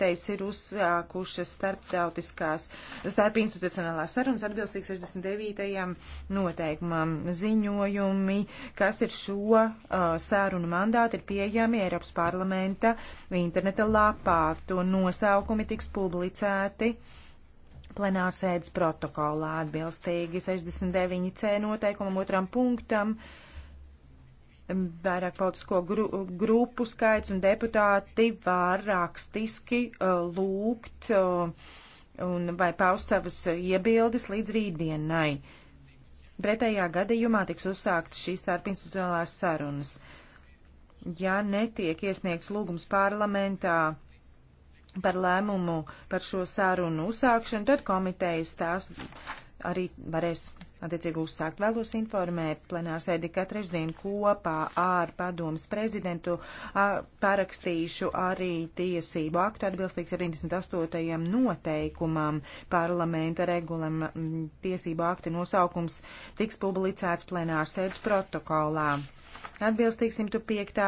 komitejas ir uzsākušas starptautiskās, starp institucionālās sarunas atbilstīgi 69. noteikumam. Ziņojumi, kas ir šo uh, sarunu mandāti, ir pieejami Eiropas parlamenta interneta lapā. To nosaukumi tiks publicēti. Plenārsēdes protokolā atbilstīgi 69C noteikumam otram punktam. Uh, vairāk politisko gru, grupu skaits un deputāti var rakstiski uh, lūgt uh, un vai paust savas iebildes līdz rītdienai. Pretējā gadījumā tiks uzsāktas šīs starpinstitucionālās sarunas. Ja netiek iesniegts lūgums parlamentā par lēmumu par šo sarunu uzsākšanu, tad komitejas tās arī varēs attiecīgi uzsākt. Vēlos informēt plenārsēdi, ka trešdien kopā ar padomas prezidentu parakstīšu arī tiesību aktu atbilstīgi 78. noteikumam parlamenta regulam. Tiesību akti nosaukums tiks publicēts plenārsēdes protokolā. Atbilstīgi 105.